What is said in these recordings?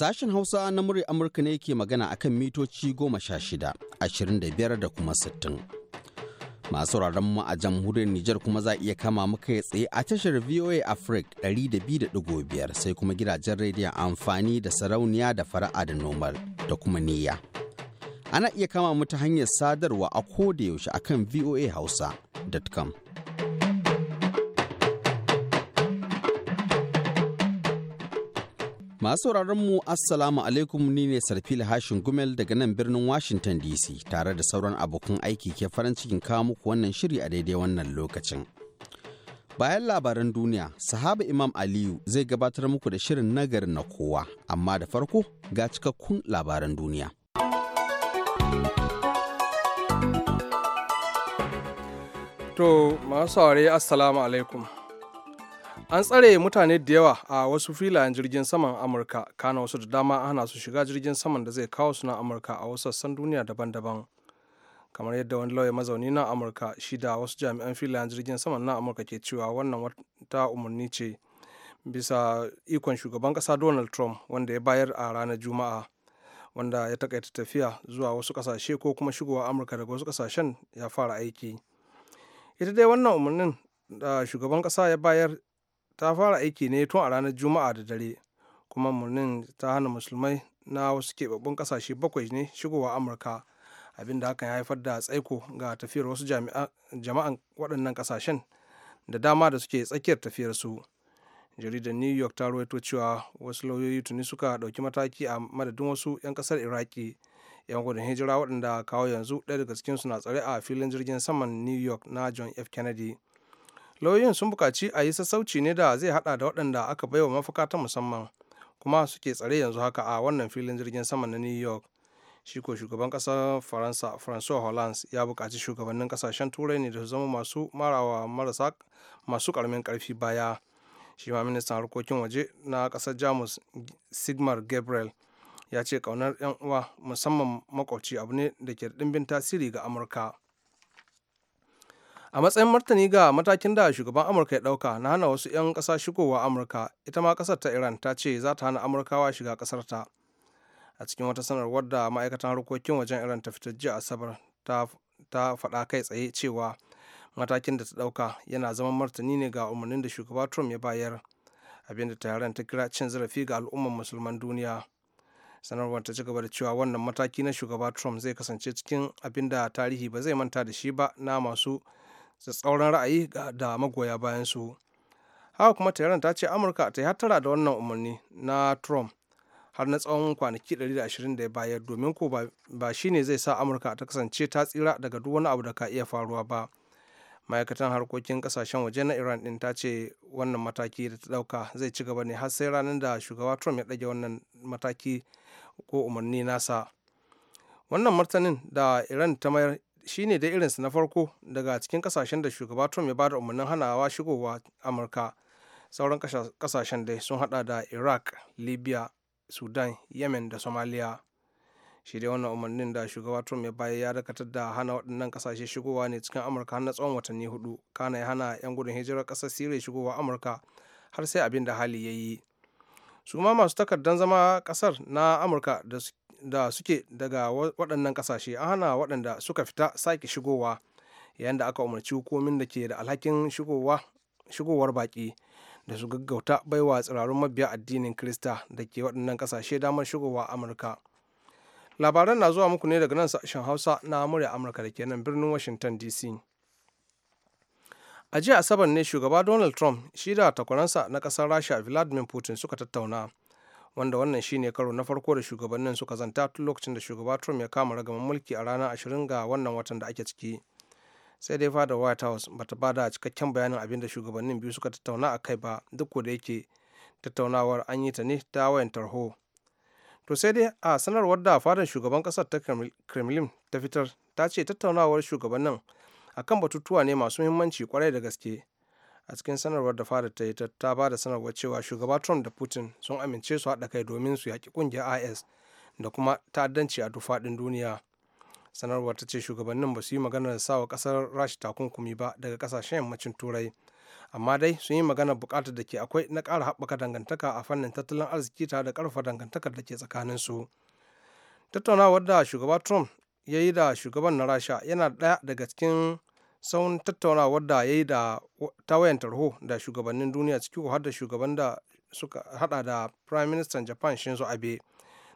Sashen Hausa na murya Amurka ne ke magana akan mitoci goma sha shida, ashirin da biyar da kuma sittin. Masu mu a jamhuriyar Nijar kuma za iya kama muka ya tsaye a tashar VOA Africa 200.5 sai kuma gidajen rediyon amfani da sarauniya da fara'a da nomal da kuma niyya. Ana iya kama mu ta hanyar sadarwa a koda yaushe akan VOA Hausa.com. Masu mu Assalamu alaikum ni ne Sarfila Hashin Gumel daga nan birnin Washington DC tare da sauran abokan aiki ke farin cikin kawo muku wannan shiri a daidai wannan lokacin. Bayan labaran duniya, sahaba Imam Aliyu zai gabatar muku da shirin nagari na kowa, amma da farko ga cikakkun labaran duniya. To, masu Assalamu alaikum. an tsare mutane da yawa a wasu filayen jirgin saman amurka kana wasu da dama ana su shiga jirgin saman da zai kawo su na amurka a wasu sassan duniya daban-daban kamar yadda wani lauya mazauni na amurka shi da wasu jami'an filayen jirgin saman na amurka ke cewa wannan wata umarni ce bisa ikon shugaban kasa donald trump wanda ya bayar a ranar juma'a wanda ya takaita tafiya zuwa wasu kasashe ko kuma shigowa amurka daga wasu kasashen ya fara aiki ita dai wannan umarnin da shugaban kasa ya bayar ta fara aiki ne tun a ranar Juma'a da dare, kuma murnin ta hana musulmai na wasu keɓaɓɓun ƙasashe bakwai ne shigowa Amurka, abin da hakan ya haifar da tsaiko ga tafiyar wasu jama'an waɗannan ƙasashen da dama da suke tsakiyar tafiyar su. jaridar new york ta ruwaito cewa wasu lauyoyi tuni suka ɗauki mataki a madadin wasu 'yan ƙasar iraki 'yan gudun hijira waɗanda kawo yanzu ɗaya daga su na tsare a filin jirgin saman new york na john f kennedy lauyoyin sun bukaci a yi sassauci ne da zai hada da waɗanda aka baiwa mafaka ta musamman kuma suke tsare yanzu haka a wannan filin jirgin sama na new york shi ko shugaban ƙasar faransa francois hollande ya bukaci shugabannin ƙasashen turai ne da su zama masu marawa marasa masu karamin karfi baya shi ma ministan harkokin waje na ƙasar jamus sigmar gabriel ya ce ƙaunar 'yan uwa musamman makwabci abu ne da ke ɗimbin tasiri ga amurka a matsayin martani ga matakin da shugaban amurka ya dauka na hana wasu 'yan kasa shigowa amurka ita ma kasar ta iran ta ce za ta hana amurkawa shiga kasar ta a cikin wata sanarwar da ma'aikatan harkokin wajen iran ta fitar jiya asabar ta faɗa kai tsaye cewa matakin da ta dauka yana zama martani ne ga umarnin da shugaba trump ya bayar abinda taron ta kira cin zarafi ga al'umman musulman duniya sanarwar ta ci gaba da cewa wannan mataki na shugaba trump zai kasance cikin abin da tarihi ba zai manta da shi ba na masu tsatsauran ra'ayi da magoya bayan su haka kuma tehran ta ce amurka ta yi hattara da wannan umarni na trump har na tsawon kwanaki 120 da ya bayar domin ko ba shi ne zai sa amurka ta kasance ta tsira daga duk wani abu da ka iya faruwa ba ma'aikatan harkokin kasashen waje na iran din ta ce wannan mataki da ta dauka zai ci gaba ne har sai ranar da shugaba trump ya ɗage wannan mataki ko umarni nasa wannan martanin da iran ta mayar shi ne da irinsu na farko daga cikin kasashen da shugaba trump ya ba da umarnin hanawa shigowa amurka sauran kasashen dai sun hada da iraq libya sudan yemen da somalia shi dai wannan umarnin da shugaba trump ya bayar ya dakatar da hana waɗannan kasashe shigowa ne cikin amurka na tsawon watanni hudu kana ya hana 'yan gudun hijirar ƙasar siriya shigowa amurka har sai abin da hali ya yi su ma masu takardar zama ƙasar na amurka da da suke daga waɗannan ƙasashe an hana waɗanda suka fita sake shigowa yayin da aka umarci hukumomin da ke da alhakin shigowar baƙi da su gaggauta baiwa tsirarun mabiya addinin Krista da ke waɗannan ƙasashe damar shigowa Amurka. Labaran na zuwa muku ne daga nan sashen Hausa na murya Amurka da ke nan birnin Washington DC. A jiya Asabar ne shugaba Donald Trump shi da takwaransa na ƙasar Rasha Vladimir Putin suka tattauna wanda wannan shine karo na farko da shugabannin suka zanta tun lokacin da shugaba trump ya kama ragaman mulki a rana 20 ga wannan watan da ake ciki sai dai fada white house ba ta bada cikakken bayanin abin da shugabannin biyu suka tattauna a kai ba duk da yake tattaunawar an yi ta ne ta wayan tarho to sai dai a sanarwar da fadar shugaban kasar ta kremlin ta fitar ta ce tattaunawar shugabannin akan batutuwa ne masu muhimmanci kwarai da gaske a cikin sanarwar da fada ta yi ta ba da sanarwar cewa shugaba trump da putin sun amince su haɗa kai domin su yaƙi ƙungiyar is da kuma ta'addanci a duk faɗin duniya sanarwar ta ce shugabannin ba su yi maganar sawa ƙasar rashi takunkumi ba daga ƙasashen yammacin turai amma dai sun yi magana buƙatar da ke akwai na ƙara haɓaka dangantaka a fannin tattalin arziki tare da ƙarfafa dangantakar da ke tsakanin su tattaunawar da shugaba trump ya yi da shugaban na rasha yana ɗaya daga cikin saun tattaunawar da ya yi ta wayan tarho da shugabannin duniya ciki har da shugaban da suka hada da prime minister japan shinzo abe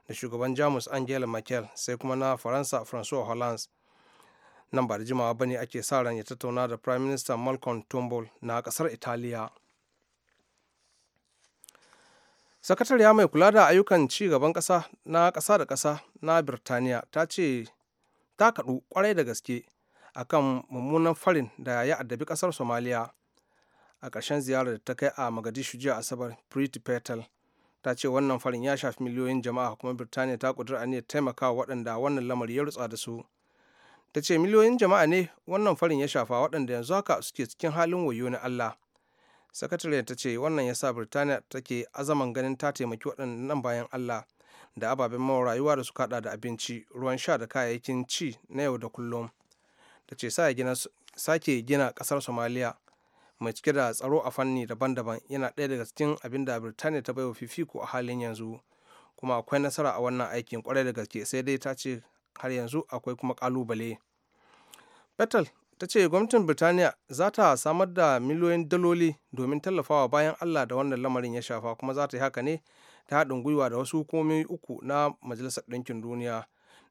da shugaban jamus angela merkel sai kuma na faransa francois hollande nan ba da jimawa ba ne ake sa ran ya tattauna da prime minister malcolm turnbull na kasar italiya sakatariya mai kula da ayyukan ci gaban kasa na kasa da kasa na birtaniya ta ce ta kaɗu kwarai da gaske a kan mummunan farin da ya addabi kasar somaliya a ƙarshen ziyarar da ta kai a magadishu jiya asabar priti petal ta ce wannan farin ya shafi miliyoyin jama'a kuma birtaniya ta ƙudura aniyar taimakawa waɗanda wannan lamari ya rutsa da su ta ce miliyoyin jama'a ne wannan farin ya shafa waɗanda yanzu haka suke cikin halin wayo na allah sakatare ta ce wannan ya sa birtaniya take azaman ganin ta taimaki waɗannan bayan allah da ababen mawa rayuwa da suka da abinci ruwan sha da kayayyakin ci na yau da kullum da ce sake gina kasar somaliya mai cike da tsaro a fanni daban-daban yana ɗaya daga cikin abin da birtaniya ta baiwa fifiko a halin yanzu kuma akwai nasara a wannan aikin kwarai da gaske sai dai ta ce har yanzu akwai kuma kalubale petal ta ce gwamnatin birtaniya za ta samar da miliyoyin daloli domin tallafawa bayan allah da wannan lamarin ya shafa kuma za ta yi haka ne ta haɗin gwiwa da wasu hukumomi uku na majalisar ɗinkin duniya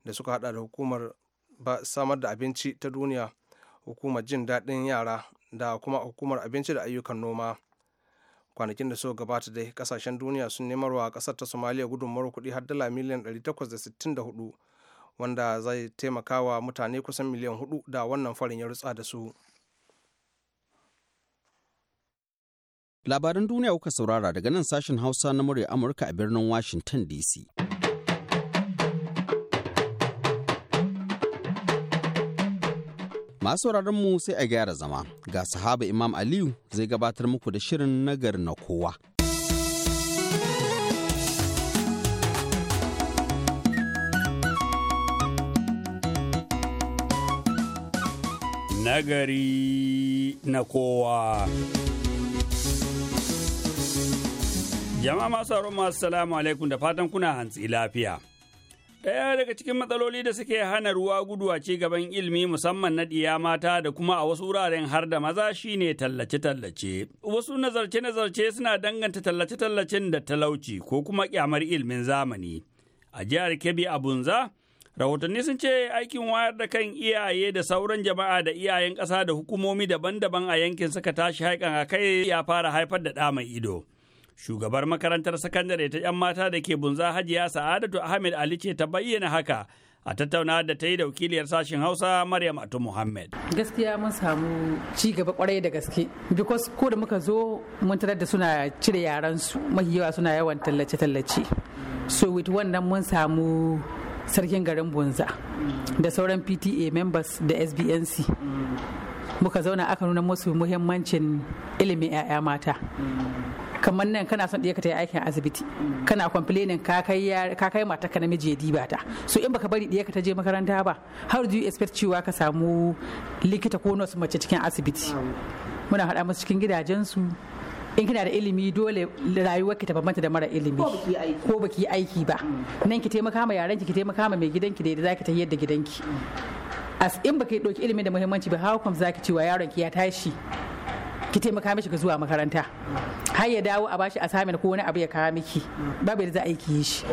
da suka haɗa da hukumar ba samar da abinci ta duniya hukumar jin daɗin yara da kuma hukumar abinci da ayyukan noma kwanakin da suka gabata dai kasashen duniya sun nemar wa kasar ta somaliya gudunmawar kuɗi har dala miliyan 864 wanda zai taimaka wa mutane kusan miliyan hudu da wannan farin ya rutsa da su labaran duniya kuka saurara daga nan sashen hausa na murya amurka a birnin washington dc Masu mu sai a gyara zama, ga sahaba Imam Aliyu zai gabatar muku da shirin nagar na kowa. Nagari na kowa. Jama'a masu masu salamu alaikum da fatan kuna hantsi lafiya. Ɗaya daga cikin matsaloli da suke hana ruwa gudu a ci gaban ilimi musamman na ɗiya mata da kuma a wasu wuraren har da maza shine tallace-tallace. Wasu nazarce-nazarce suna danganta tallace-tallacen da talauci ko kuma kyamar ilimin zamani. A jihar Kebbi Abunza. rahotanni sun ce aikin wayar da kan iyaye da sauran jama'a da iyayen ƙasa da hukumomi daban-daban a yankin suka tashi haikan a kai ya fara haifar da ɗa mai ido. Shugabar makarantar sakandare ta 'yan mata da ke bunza hajiya Sa'adatu Ahmed Ali ce ta bayyana haka a tattauna da ta yi da wakiliyar sashen Hausa Maryam Atu Muhammad. Gaskiya mun samu ci gaba kwarai da gaske because ko da muka zo mun tarar da suna cire yaran su yawa suna yawan tallace-tallace. So with wannan mun samu sarkin garin bunza da sauran pta members da sbnc muka zauna aka nuna musu muhimmancin ilimin 'ya'ya mata kamar nan kana son ɗaya ka ta yi aikin asibiti kana complaining ka kai mata ka namiji ya diba ta so in baka bari ɗaya ka ta je makaranta ba how do you expect cewa ka samu likita ko nurse mace cikin asibiti muna haɗa musu cikin gidajensu in kina da ilimi dole rayuwar ki ta bambanta da mara ilimi ko baki aiki ba nan ki taimaka ma yaran ki taimaka ma mai gidanki da za zaki ta yadda gidanki as in baki ɗauki ilimin da muhimmanci ba how come zaki cewa yaron ki ya tashi ki taimaka mishi ka zuwa makaranta har ya dawo a bashi asamin ko wani abu ya kawo miki babu yadda za a yi shi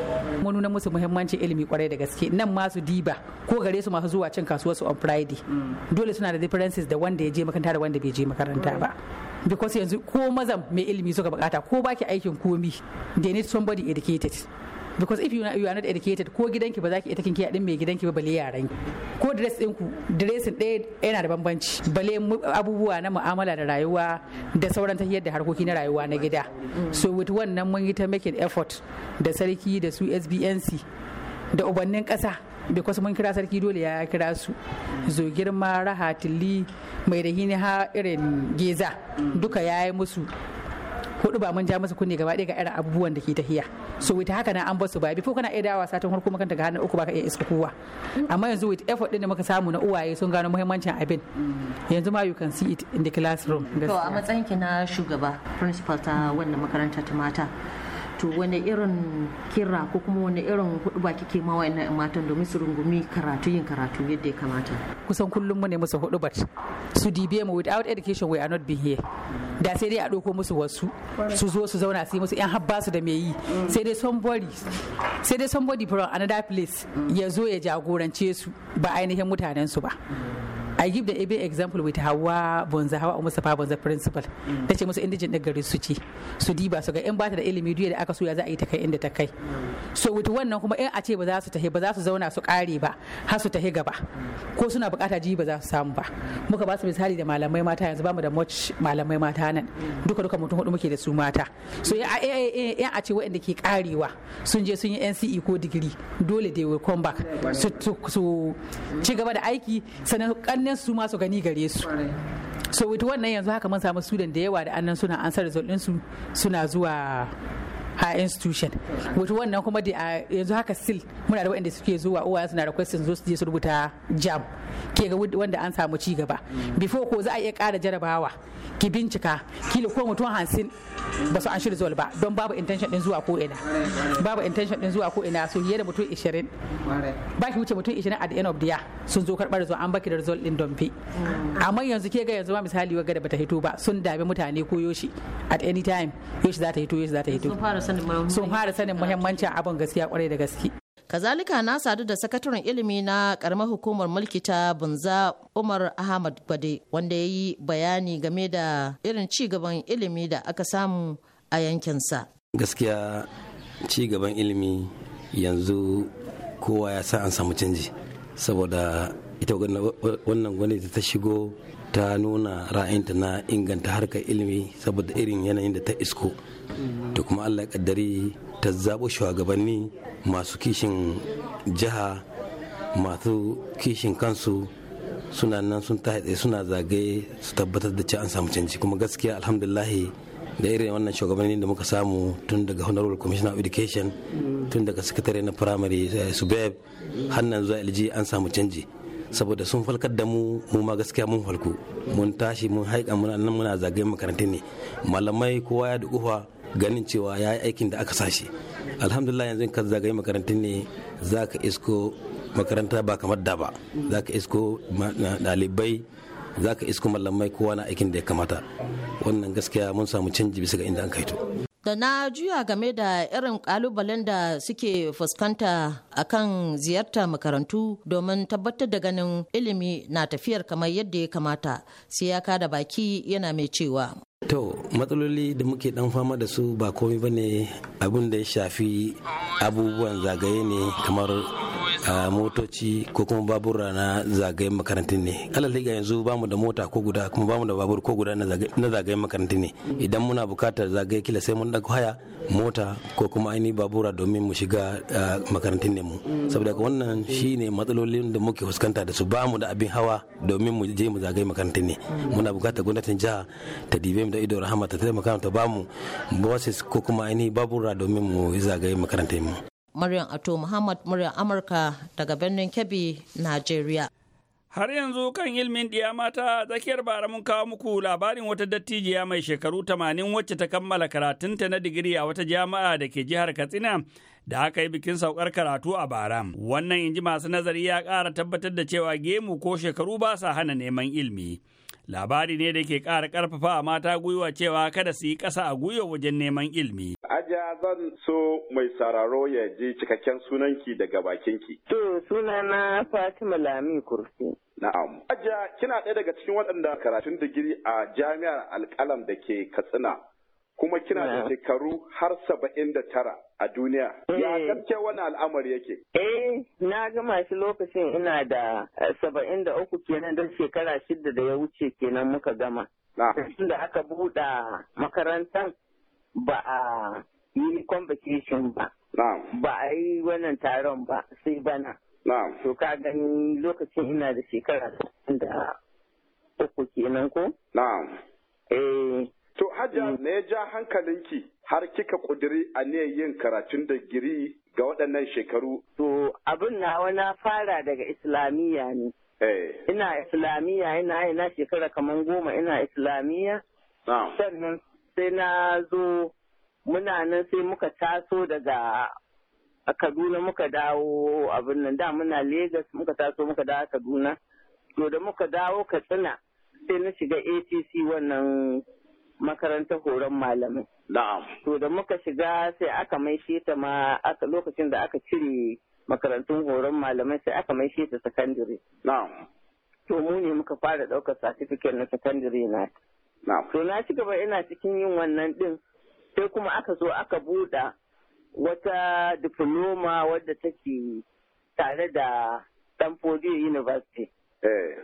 mun nuna musu muhimmancin ilimi kwarai da gaske nan masu diba ko gare su masu zuwa cin kasuwar su on friday dole suna da differences da wanda ya je makaranta da wanda bai je makaranta ba because yanzu ko mazan mai ilimi suka bukata ko baki aikin komi they need somebody educated because if you, you are not educated ko gidanki ba za ki iya takin kiya din mai gidanki ba bale yaran ko dress ɗinku dressin ɗaya yana da bambanci bale abubuwa na mu'amala da rayuwa da sauran tafiyar da harkoki na rayuwa na gida so with wannan mun yi ta making effort da sarki da su SBNC da ubannin ƙasa because mun kira sarki dole ya kira su zo girma raha mai da ha irin geza duka ya yi musu hudu ba mun ja musu kunne gaba ɗaya ga irin abubuwan da ke tahiya so wita haka na an basu ba bifo kana iya dawa satan harko makanta ga hannun uku baka iya iska kowa amma yanzu wita effort din da muka samu na uwaye sun gano muhimmancin abin yanzu ma you can see it in the classroom to a matsayin ki na shugaba principal ta wannan makaranta ta mata to wani irin kira ko kuma wani irin huduba kike ma wa'annan matan domin su rungumi karatu yin karatu yadda ya kamata kusan kullum mu ne musu hudubar su dibe mu without education we are not being here da sai dai a ɗauko musu wasu su zo su zauna su musu yan habba su da me yi mm. sai dai somebody sai dai somebody from another place mm. ya zo ya jagorance su ba ainihin mutanen su ba mm. i give the ebe example with hawa bonza hawa musafa bonza principal mm. ta ce musu indijin ɗin gari su ce su diba su ga in bata da ilimi duya da aka suya za a yi ta kai inda ta kai mm. so with wannan kuma in a ce ba za su tafi ba za su zauna su kare ba har su tafi gaba mm. ko suna bukata ji ba za su samu ba muka ba su misali da malamai mata yanzu ba da much malamai mata nan duka duka mutum hudu muke da su mata so in a ce inda ke karewa sun je sun yi NCE ko digiri dole dai will come back su ci gaba da aiki sannan annan su ma su gani gare su so with wannan yanzu haka mun samu student da yawa da annan suna ansar result su suna zuwa a institution wato wannan kuma da ah, yanzu haka sil muna da waɗanda suke zuwa uwa suna requesting zo su je su rubuta jam ke ga wanda an samu ci gaba before ko za a iya ƙara jarabawa ki bincika kila ko mutum hansin ba su an shi result ba don babu intention din zuwa ko ina babu intention din zuwa ko ina so yadda mutum 20 ba ki wuce mutum 20 at the end of the year sun zo karɓar result an baki da result din domfe amma yanzu ke ga yanzu ma misali wa ba bata hito ba sun dami mutane ko yoshi at any time yoshi za ta hito yoshi za ta hito sun fara sanin muhimmancin abin gaskiya kwarai da gaske kazalika na sadu da sakataren ilimi na karamar hukumar mulki ta bunza umar ahmad bade wanda ya yi bayani game da irin ci ilimi da aka samu a yankinsa gaskiya ci ilimi yanzu kowa ya sa an samu canji saboda ita wannan gwamnati ta shigo ta nuna ra'ayinta na inganta harkar ilimi saboda irin yanayin da ta isko da kuma allah kaddari ta zaɓo shugabanni masu kishin jiha masu kishin kansu suna nan sun ta suna zagaye su tabbatar da ci an samu canji kuma gaskiya alhamdulahi da irin wannan shugabanni da muka samu tun daga honorable commissioner of education tun daga secretary na primary eh, subeb hannan zuwa lg an samu canji saboda sun falkar da mu mu ma gaskiya mun falku mun tashi mun haika muna nan muna zagaye makarantar ne malamai kowa ya dukufa ganin cewa ya yi aikin da aka sashi alhamdulillah yanzu ka zagaye makarantar ne za ka isko makaranta ba kamar da ba za ka isko ɗalibai za ka isko malamai kowa na aikin da ya kamata wannan gaskiya mun samu canji bisa ga inda an kaito da na juya game da irin kalubalen da suke fuskanta a kan ziyarta makarantu domin tabbatar da ganin ilimi na tafiyar kamar yadda ya kamata sai ya kada baki yana mai cewa to matsaloli da muke dan fama da su ba komai bane abin da ya shafi abubuwan zagaye ne kamar a motoci ko kuma babura na zagayen makarantun ne alal ga yanzu mu da mota ko guda kuma ba mu da babur ko guda na zagayen makarantun ne idan muna bukatar zagaye kila sai mun dauko haya mota ko kuma ainihin babura domin mu shiga makarantun ne mu saboda wannan shine matsalolin da muke fuskanta da su ba mu da abin hawa domin mu je mu zagaye makarantun ne muna bukatar gwamnatin jiha ta dibe mu da ido rahama ta taimaka ta mu buses ko kuma ainihin babura domin mu zagaye makarantun mu Maryam Ato Muhammad muryar Amurka daga birnin Kebbi, Najeriya. Har yanzu kan ilmin ɗiya mata tsakiyar bara mun kawo muku labarin wata dattijiya mai shekaru 80 wacce ta kammala karatunta na digiri a wata jami'a da ke jihar Katsina da aka yi bikin saukar karatu a bara. Wannan inji masu nazari ya kara tabbatar da cewa gemu ko shekaru ba sa hana neman ilmi labari ne da ke ƙara ƙarfafa mata gwiwa cewa kada su yi ƙasa a gwiwa wajen neman ilmi Hajiya zan so mai sararo ya ji cikakken sunanki daga bakinki. To sunana Fatima Lami Kursi. Na'am. Hajiya kina ɗaya daga cikin waɗanda karatun digiri a jami'ar alƙalam da ke Katsina. Kuma kina da shekaru har saba'in da tara a duniya. Eh. Ya gaske wani al'amari yake? Eh, na gama shi lokacin ina da eh, saba'in da uku kenan don shekara shida da ya wuce kenan muka gama. Lokacin da aka buɗa makarantar ba a yi convocation ba ba a yi wannan taron ba sai bana to ka gani lokacin ina da shekara da uku kenan ko eh to hajja mm. me ya ja hankalinki har kika kudiri niyan yin karatun digiri ga waɗannan shekaru to abin na wani fara daga islamiyya ne eh. ina islamiyya ina yana shekara kamar goma ina islamiyya sannan sai na zo muna nan sai muka taso daga a Kaduna muka dawo abin nan da muna Legas muka taso muka dawo Kaduna to da muka dawo Katsina sai na shiga ATC wannan makarantar horon malamai. Na'am. To da muka shiga sai aka maishe ta ma aka lokacin da aka cire makarantun horon malamai sai aka maishe ta sakandare. Na'am. To mu ne muka fara ɗaukar satifiket na sakandare na. To na ci gaba ina cikin yin wannan ɗin sai kuma aka zo aka buɗa wata diploma wadda take tare da Stanford University. Eh.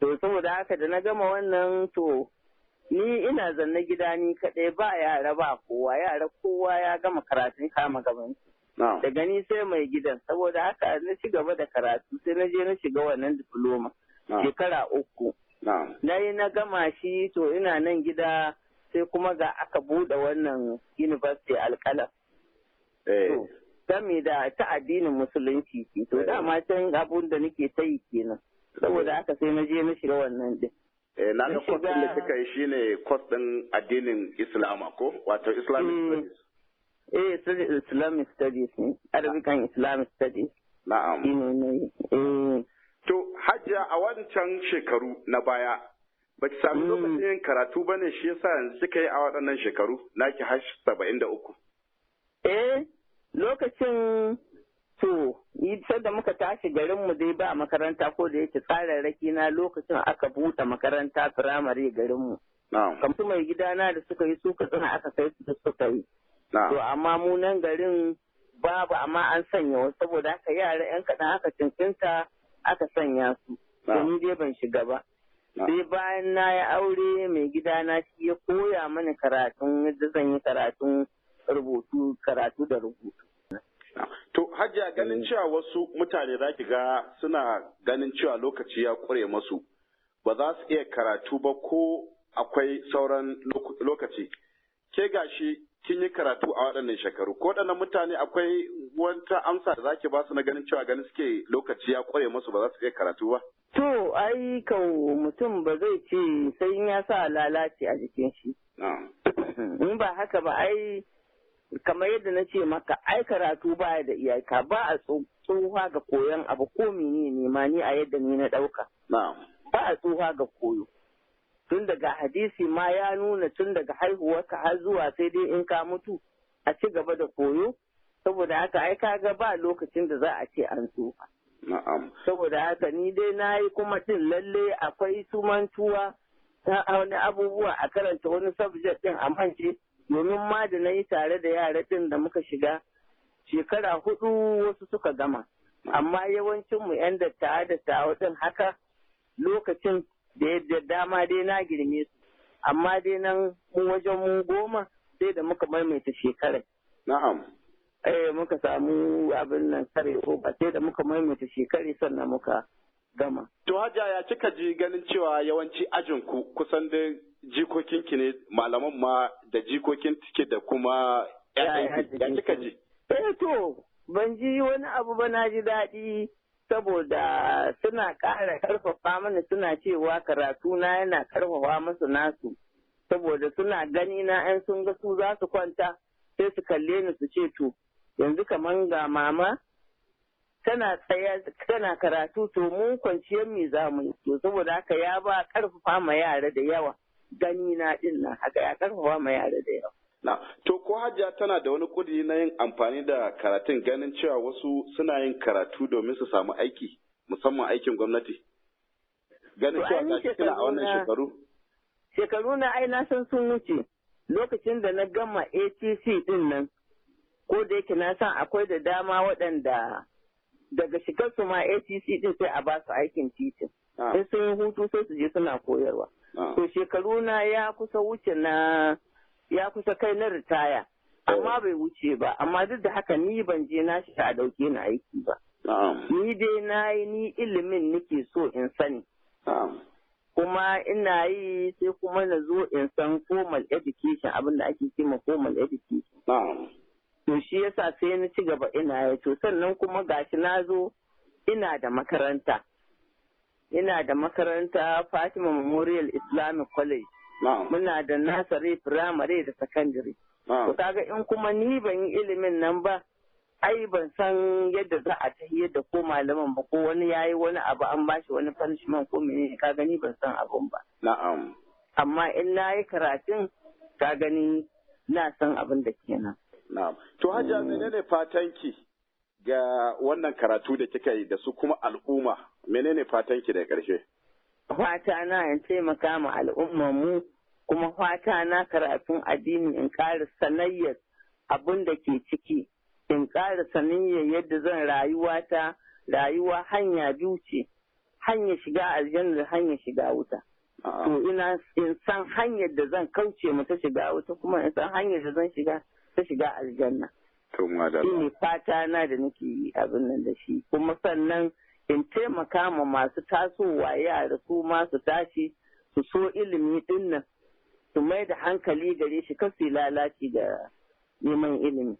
To saboda haka da na gama wannan to ni ina zanne gida ni kaɗai ba yara ba kowa yara kowa ya gama karatun kama gaban da gani sai mai gidan saboda haka na ci gaba da karatu sai na je na shiga wannan diploma shekara uku Na yi na gama shi to ina nan gida sai kuma ga aka buɗe wannan university alƙalam. Eh. Game da ta addinin musulunci ce, to eh. dama can abun da nake ta yi kenan. Saboda eh. aka sai na je na shiga wannan ɗin. Na ga kwas ɗin da kika yi shi ne kwas ɗin addinin Islama ko? Wato Islamic hmm. Studies. Eh, Islamic Studies ne, Arabican Islamic Studies. Na'am. Eh, To, hajja a wancan shekaru na baya, ba ki sami hmm. lokacin yin karatu ba ne shi yasa yanzu kika yi a waɗannan shekaru ki hash saba'in da uku. Eh, lokacin to, ni da muka tashi garinmu dai ba makaranta ko da yake tsararraki na lokacin aka buɗe makaranta firamare garinmu. Kamtu mai gidana da suka yi suka tsina aka kai su da suka yi. To, amma mu nan garin babu amma an sanya wasu saboda haka yara 'yan kaɗan aka cincinta aka sanya su domin dai ban shiga ba sai bayan na ya aure mai gida na shi ya koya mani karatun yadda zan yi karatun rubutu karatu da rubutu To hajiya ganin mm. cewa wasu mutane za ki ga suna ganin cewa lokaci ya ƙure masu ba za su iya karatu ba ko akwai sauran lokaci. Ke gashi kin yi karatu a waɗannan shekaru ko waɗannan mutane akwai wata amsa da zaki ba su na ganin cewa ganin suke lokaci ya ƙware musu ba za su iya karatu ba to ai kau mutum ba zai ce sai ya sa lalace a jikin shi in ba haka ba ai kamar yadda na ce maka ai karatu ba da iyaka ba a tsohuwa ga koyon abu ko menene ma ni a yadda ni na ɗauka ba a tsohuwa ga koyo tun daga hadisi ma ya nuna tun daga haihuwarka har zuwa sai dai in ka mutu a ci gaba da koyo saboda haka ai kaga ba lokacin da za a ce an tsufa na'am saboda haka ni dai nayi kuma din lalle akwai tumantuwa ta wani abubuwa a karanta wani subject din a manje domin ma da na yi tare da yara din da muka shiga shekara hudu wasu suka gama amma yawancin mu yan dattawa dattawa ɗin haka lokacin da yadda dama dai na girme su amma dai nan mu wajen mu goma sai da muka maimaita shekarar na'am eh muka samu abin nan kare ko ba sai da muka maimaita shekarar sannan muka gama to hajja ya cika ji ganin cewa yawanci ajin ku kusan da jikokin ki ne malaman ma da jikokin tike da kuma ya cika ji eh to ban ji wani abu ba na ji daɗi saboda suna ƙara karfafa mana suna cewa karatu na yana karfafa masu nasu saboda suna gani na 'yan sun ga su za su kwanta sai su kalle ni su ce to yanzu kaman ga mama tana tsaya tana karatu to mu kwanciyar me za mu yi to saboda haka ya ba ƙarfafa ma yara da yawa gani na ɗin nan haka ya karfafa ma yara da yawa Na, to ko hajiya tana da wani kudi na yin amfani da karatun ganin cewa wasu suna yin karatu domin su samu aiki, musamman aikin gwamnati. Ganin cewa ga kina a wannan shekaru? Shekaru na ai na san sun wuce. Lokacin da na gama ATC din nan, ko da yake na san akwai da dama waɗanda daga shigarsu ma ATC din sai a ba su aikin titin. Sai ah. sun yi hutu sai su je suna koyarwa. Ah. To shekaru na ya kusa wuce na ya kusa kai na ritaya amma bai wuce ba amma duk da haka ni ban je na shi a dauke ni aiki ba ni dai na yi ni ilimin nake so in sani kuma ina yi sai kuma na zo in san formal education abin da ake kima formal education to shi yasa sai na ci gaba ina yi to sannan kuma gashi na zo ina da makaranta ina da makaranta Fatima Memorial Islamic College muna da nasari firamare da sakandare to kaga in kuma ni ban yi ilimin nan ba ai ban san yadda za a tafi da ko malaman ba ko wani yayi wani abu an bashi wani punishment ko menene ka gani ban san abun ba na'am amma in na yi karatun ka gani na san abin da ke nan. na'am to hajja mm. menene fatanki ga wannan karatu da kika yi da su kuma al'umma menene fatanki da ƙarshe fata na in taimaka ma al'ummar mu kuma fata na karatun addini in ƙara sanayyar abin da ke ciki in ƙara sanayyar yadda zan rayuwa ta rayuwa hanya biyu ce hanya shiga aljanna da hanya shiga wuta to ina in san hanyar da zan kauce mu ta shiga wuta kuma in san hanyar da zan shiga ta shiga aljanna to madalla fata na da nake yi abin nan da shi kuma sannan in taimaka ma masu tasowa yara su ma su tashi su so ilimi dinnan su mai da hankali gare shi kasu lalaci da neman ilimi.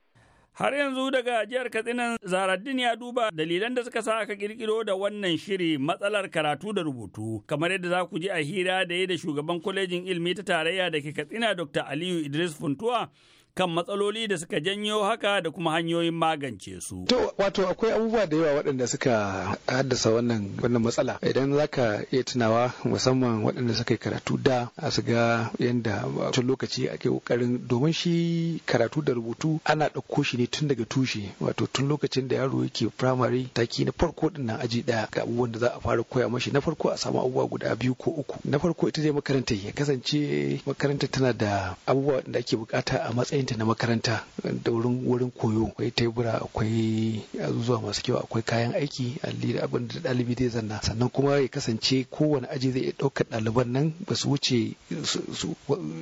Har yanzu daga jihar Katsina Zaraddin ya duba dalilan da suka sa aka kirkiro da wannan shiri matsalar karatu da rubutu kamar yadda za ku ji a hira da ya da shugaban kwalejin ilimi ta tarayya da ke Katsina Dr. Aliyu Idris Funtuwa kan matsaloli da suka janyo haka da kuma hanyoyin magance su. To wato akwai abubuwa da yawa waɗanda suka haddasa wannan wannan matsala idan zaka iya tunawa musamman waɗanda suka yi karatu da a su ga yanda tun lokaci ake ƙoƙarin domin shi karatu da rubutu ana ɗauko shi ne tun daga tushe wato tun lokacin da yaro yake firamare taki na farko din nan aji ɗaya ga abubuwan da za a fara koya mashi na farko a samu abubuwa guda biyu ko uku na farko ita dai makaranta ya kasance makaranta tana da abubuwa da ake bukata a matsayin kayanta na makaranta da wurin wurin koyo akwai tebura akwai zuwa masu kyau akwai kayan aiki alli da abin da dalibi zai zanna sannan kuma ya kasance kowane aji zai iya ɗaukar ɗaliban nan ba su wuce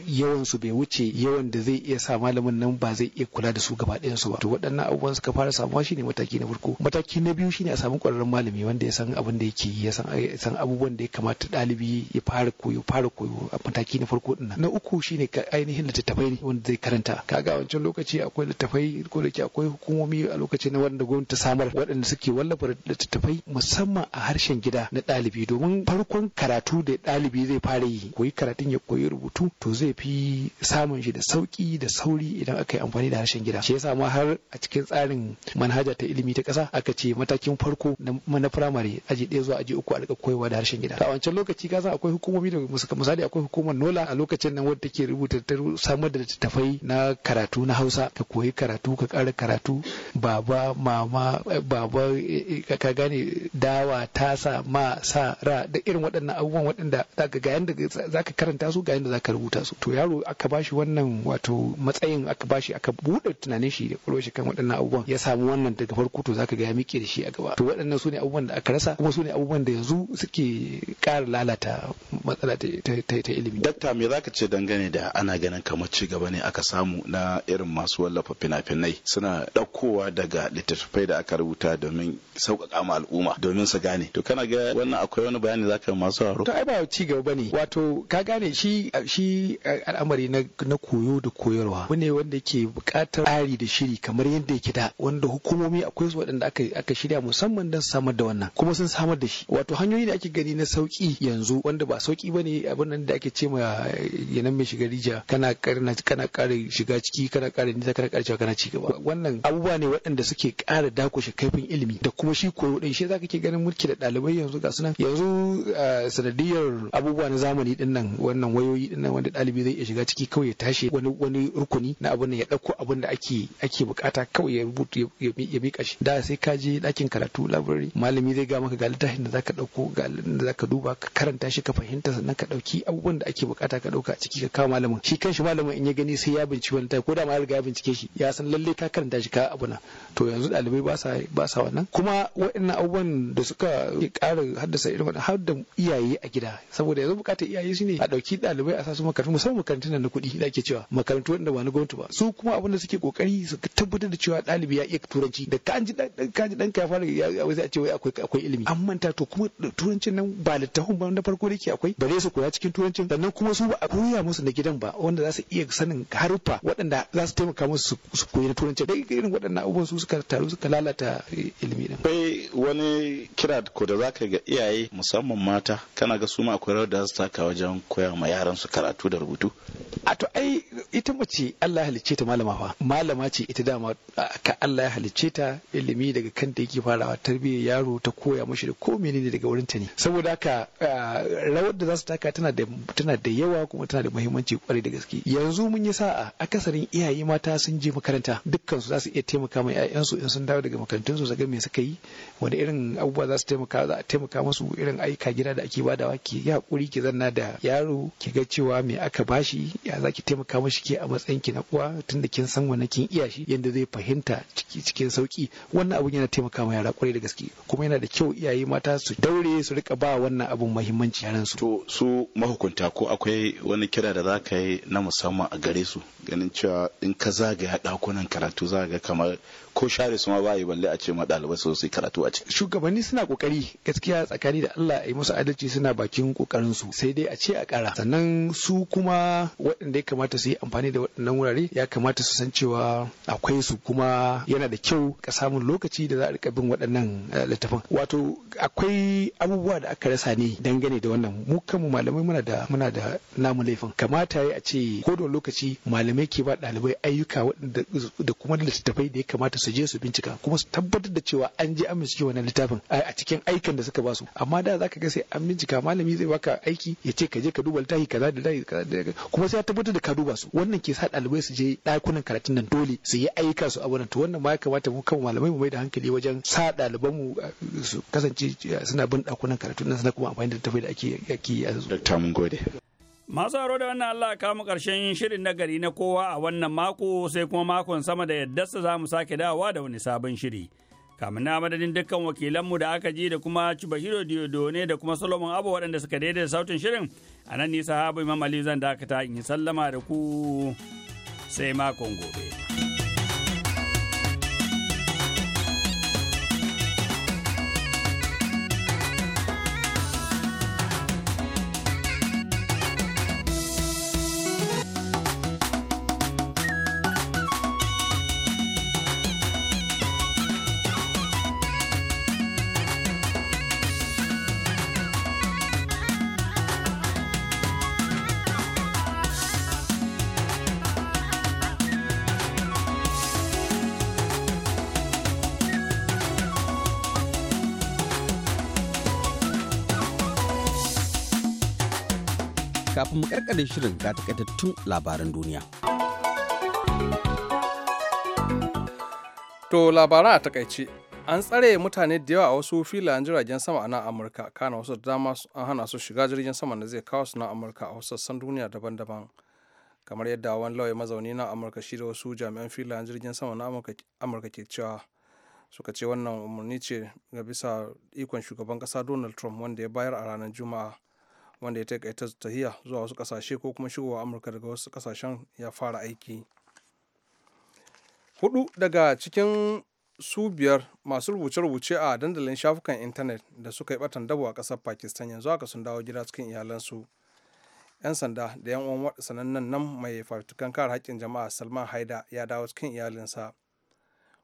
yawan su bai wuce yawan da zai iya sa malamin nan ba zai iya kula da su gaba ɗayan su ba to waɗannan abubuwan suka fara samuwa shine mataki na farko mataki na biyu shine a samu ƙwararren malami wanda ya san abin da yake ya san abubuwan da ya kamata ɗalibi ya fara koyo fara koyo a mataki na farko ɗin na uku shine ainihin littattafai ne wanda zai karanta kaga wancan lokaci akwai littafai ko da ke akwai hukumomi a lokacin na wanda gwamnati ta samar waɗanda suke wallafa littattafai musamman a harshen gida na ɗalibi domin farkon karatu da ɗalibi zai fara yi koyi karatun ya koyi rubutu to zai fi samun shi da sauki da sauri idan aka yi amfani da harshen gida shi yasa ma har a cikin tsarin manhaja ta ilimi ta ƙasa aka ce matakin farko na firamare aji ɗaya zuwa aji uku a riƙa koyewa da harshen gida a wancan lokaci ka san akwai hukumomi da misali akwai hukumar nola a lokacin nan wadda take rubuta ta samar da littattafai na karatu na hausa ka koyi karatu ka ƙara karatu baba mama eh, baba eh, eh, ka gane dawa tasa ma sa ra da irin waɗannan abubuwan waɗanda Gayan ga yanda zaka karanta su ga yanda zaka rubuta su to yaro aka bashi wannan wato matsayin aka bashi aka buɗe tunanin shi da kwalwar shi kan waɗannan abubuwan ya samu wannan daga farko to zaka ga ya miƙe da shi a gaba to waɗannan su ne abubuwan da aka rasa kuma su ne abubuwan da yanzu suke ƙara lalata matsala ta ilimi. Dakta me zaka ce dangane da ana ganin kamar ci gaba ne aka samu na irin masu wallafa fina-finai suna ɗaukowa daga littattafai da aka rubuta domin sauƙaƙa ma al'umma domin su gane to kana ga wannan akwai wani bayani zaka yi masu haro to ai ba ci gaba bane wato ka gane shi shi al'amari na na koyo da koyarwa wani wanda ke buƙatar tsari da shiri kamar yadda yake da wanda hukumomi akwai su waɗanda aka aka shirya musamman don samar da wannan kuma sun samar da shi wato hanyoyi da ake gani na sauki yanzu wanda ba sauki bane abin nan da ake ce ma yanan mai shiga rija kana kana kare shiga shiga ciki kana kare ni kana ƙara cewa kana ci gaba wannan abubuwa ne waɗanda suke ƙara dakushe kaifin ilimi da kuma shi koyo din shi zaka ke ganin mulki da dalibai yanzu ga sunan yanzu eh, sanadiyar abubuwa na zamani din nan wannan wayoyi din nan wanda dalibi zai iya shiga ciki kawai ya tashi wani wani rukuni na abin ya dauko abin da ake ake bukata kawai ya rubuta ya mika shi da sai ka je ɗakin karatu library malami zai ga maka ga littafin da zaka dauko ga da zaka duba ka karanta shi ka fahimta sannan ka dauki abubuwan da ake bukata ka dauka a ciki ka kawo malamin shi kanshi malamin in ya gani sai ya binciki makarantar ko da ma riga ya bincike shi ya san lalle ka karanta shi ka abu na to yanzu dalibai ba sa ba sa wannan kuma waɗannan abubuwan da suka ƙara haddasa irin wannan har da iyaye a gida saboda yanzu bukatar iyaye shine a ɗauki dalibai a sa su makarantu musamman makarantun nan na kuɗi da ake cewa makarantu wanda ba na gwamnati ba su kuma abin da suke kokari su tabbatar da cewa dalibi ya iya turanci da ka ji dan ka fara ya wai a ce wai akwai ilimi an manta to kuma turancin nan ba littafin ba na farko da ke akwai bare su koya cikin turancin sannan kuma su ba a koya musu na gidan ba wanda za su iya sanin haruffa waɗanda za su taimaka musu su koyi na turanci dai irin waɗannan abubuwan su suka taru suka lalata eh, ilimi din akwai wani kira ko da zaka ga iyaye musamman mata kana ga su ma akwai rawar da za su taka wajen koya ma yaran su karatu da rubutu a to ai ita mace Allah ya halicce ta malama fa malama ce ita dama ka Allah ya halicce ta ilimi daga kan da yake farawa tarbiyyar yaro ta koya mashi da ko menene daga wurin ta ne saboda haka rawar da za su taka tana tana da yawa kuma tana da muhimmanci kwarai da gaske yanzu mun yi sa'a aka akasarin iyaye mata sun je makaranta dukkan su za su iya taimaka ma 'ya'yansu in sun dawo daga makarantun su ga me suka yi wani irin abubuwa za su taimaka za a taimaka musu irin ayyuka gida da ake badawa ke yi hakuri ki zanna da yaro ki ga cewa me aka bashi ya za ki taimaka mashi ke a matsayin ki na uwa tunda kin san wannan kin iya shi yanda zai fahimta cikin sauki wannan abun yana taimaka ma yara kwarai da gaske kuma yana da kyau iyaye mata su daure su rika ba wannan abun muhimmanci yaran su to su mahukunta ko akwai wani kira da za ka yi na musamman a gare su ganin cewa in ka zagaya ɗakunan karatu za ga kamar ko share su ma ba yi balle a ce ma ɗalibai su su karatu a ciki. Shugabanni suna kokari gaskiya tsakani da Allah a musu adalci suna bakin kokarin su sai dai a ce a kara sannan su kuma waɗanda ya kamata su yi amfani da waɗannan wurare ya kamata su san cewa akwai su kuma yana da kyau ka samu lokaci da za a rika bin waɗannan eh, littafan wato akwai abubuwa da aka rasa ne dangane da wannan mu kanmu malamai muna da muna da namu laifin kamata ya a ce ko da lokaci malamai ke ba ɗalibai ayyuka da kuma littattafai da ya kamata su je su bincika kuma su tabbatar da cewa an je an bincike wannan littafin a cikin aikin da suka ba su amma da ka ga sai an bincika malami zai baka aiki ya ce ka je ka duba littafi kaza da kaza kuma sai ya tabbatar da ka duba su wannan ke sa ɗalibai su je ɗakunan karatun nan dole su yi ayyuka su abunan to wannan ma ya kamata mu kan malamai mu mai da hankali wajen sa mu su kasance suna bin ɗakunan karatun nan suna kuma amfani da littafai da ake yi a yanzu. Dokta mun gode. Masu haro da wannan Allah kamu ƙarshen shirin na gari na kowa a wannan mako sai kuma makon sama da yaddarsa za mu sake dawa da wani sabon shiri. Kamin na madadin dukkan wakilanmu da aka ji da kuma Cibahiro ne da kuma Solomon Abu waɗanda suka daidaita sautin shirin a nan nisa habu Imam Ali zan dakata in yi sallama da ku sai makon gobe. kafin mu karkare shirin ga takaitattun labaran duniya. To labaran a takaice an tsare mutane da yawa a wasu filayen jiragen sama a nan Amurka kana wasu dama an hana su shiga jirgin sama da zai kawo su na Amurka a wasu sassan duniya daban-daban. kamar yadda wani lauya mazauni na amurka shi da wasu jami'an filayen jirgin sama na amurka ke cewa suka ce wannan umarni ce ga bisa ikon shugaban kasa donald trump wanda ya bayar a ranar juma'a wanda ya taƙaita tahiya zuwa wasu ƙasashe ko kuma shigowa amurka daga wasu ƙasashen ya fara aiki hudu daga cikin su biyar masu rubuce-rubuce a dandalin shafukan intanet da suka yi batan dabo a ƙasar pakistan yanzu haka sun dawo gida cikin iyalansu 'yan sanda da 'yan uwan sanannen nan mai fartukan kare haƙƙin jama'a salman haida ya dawo cikin iyalinsa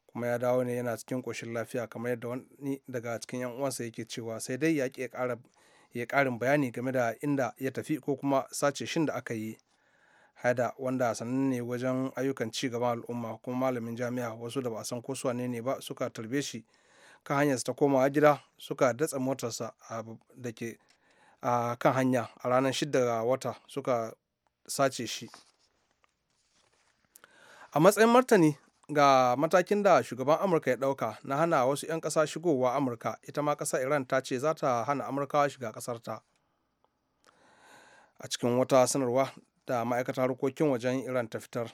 kuma ya dawo ne yana cikin ƙoshin lafiya kamar yadda wani daga cikin 'yan uwansa yake cewa sai dai ya ƙi ƙara ya karin bayani game da inda ya tafi ko kuma sace shin da aka yi haida wanda sananne ne wajen ayyukan ci gaban al'umma kuma malamin jami'a wasu da ba san ko suwane ne ba suka tarbe shi kan hanyar ta komawa gida suka datsa motarsa da ke a kan hanya a ranar 6 ga wata suka sace shi a matsayin martani ga matakin da shugaban amurka ya dauka na hana wasu 'yan kasa shigowa amurka ita ma kasa iran ta ce za ta hana amurka shiga kasar ta. a cikin wata sanarwa da ma'aikatar harkokin wajen iran ta fitar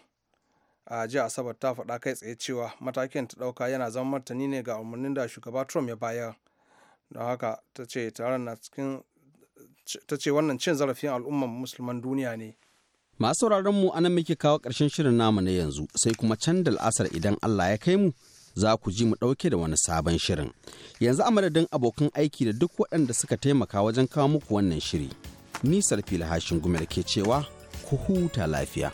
a jiya asabar ta faɗa kai tsaye cewa matakin ta dauka yana zama martani ne ga umarnin da shugaba trump ya bayar don haka ta ce ta ce wannan cin zarafin al'umman musulman duniya ne Masu mu anan muke kawo ƙarshen shirin namu na yanzu sai kuma can da al'asar idan Allah ya kai mu za ku ji mu ɗauke da wani sabon shirin. Yanzu a madadin abokan aiki da duk waɗanda suka taimaka wajen kawo muku wannan shiri. Ni lahashin Hashin Gumel ke cewa ku huta lafiya.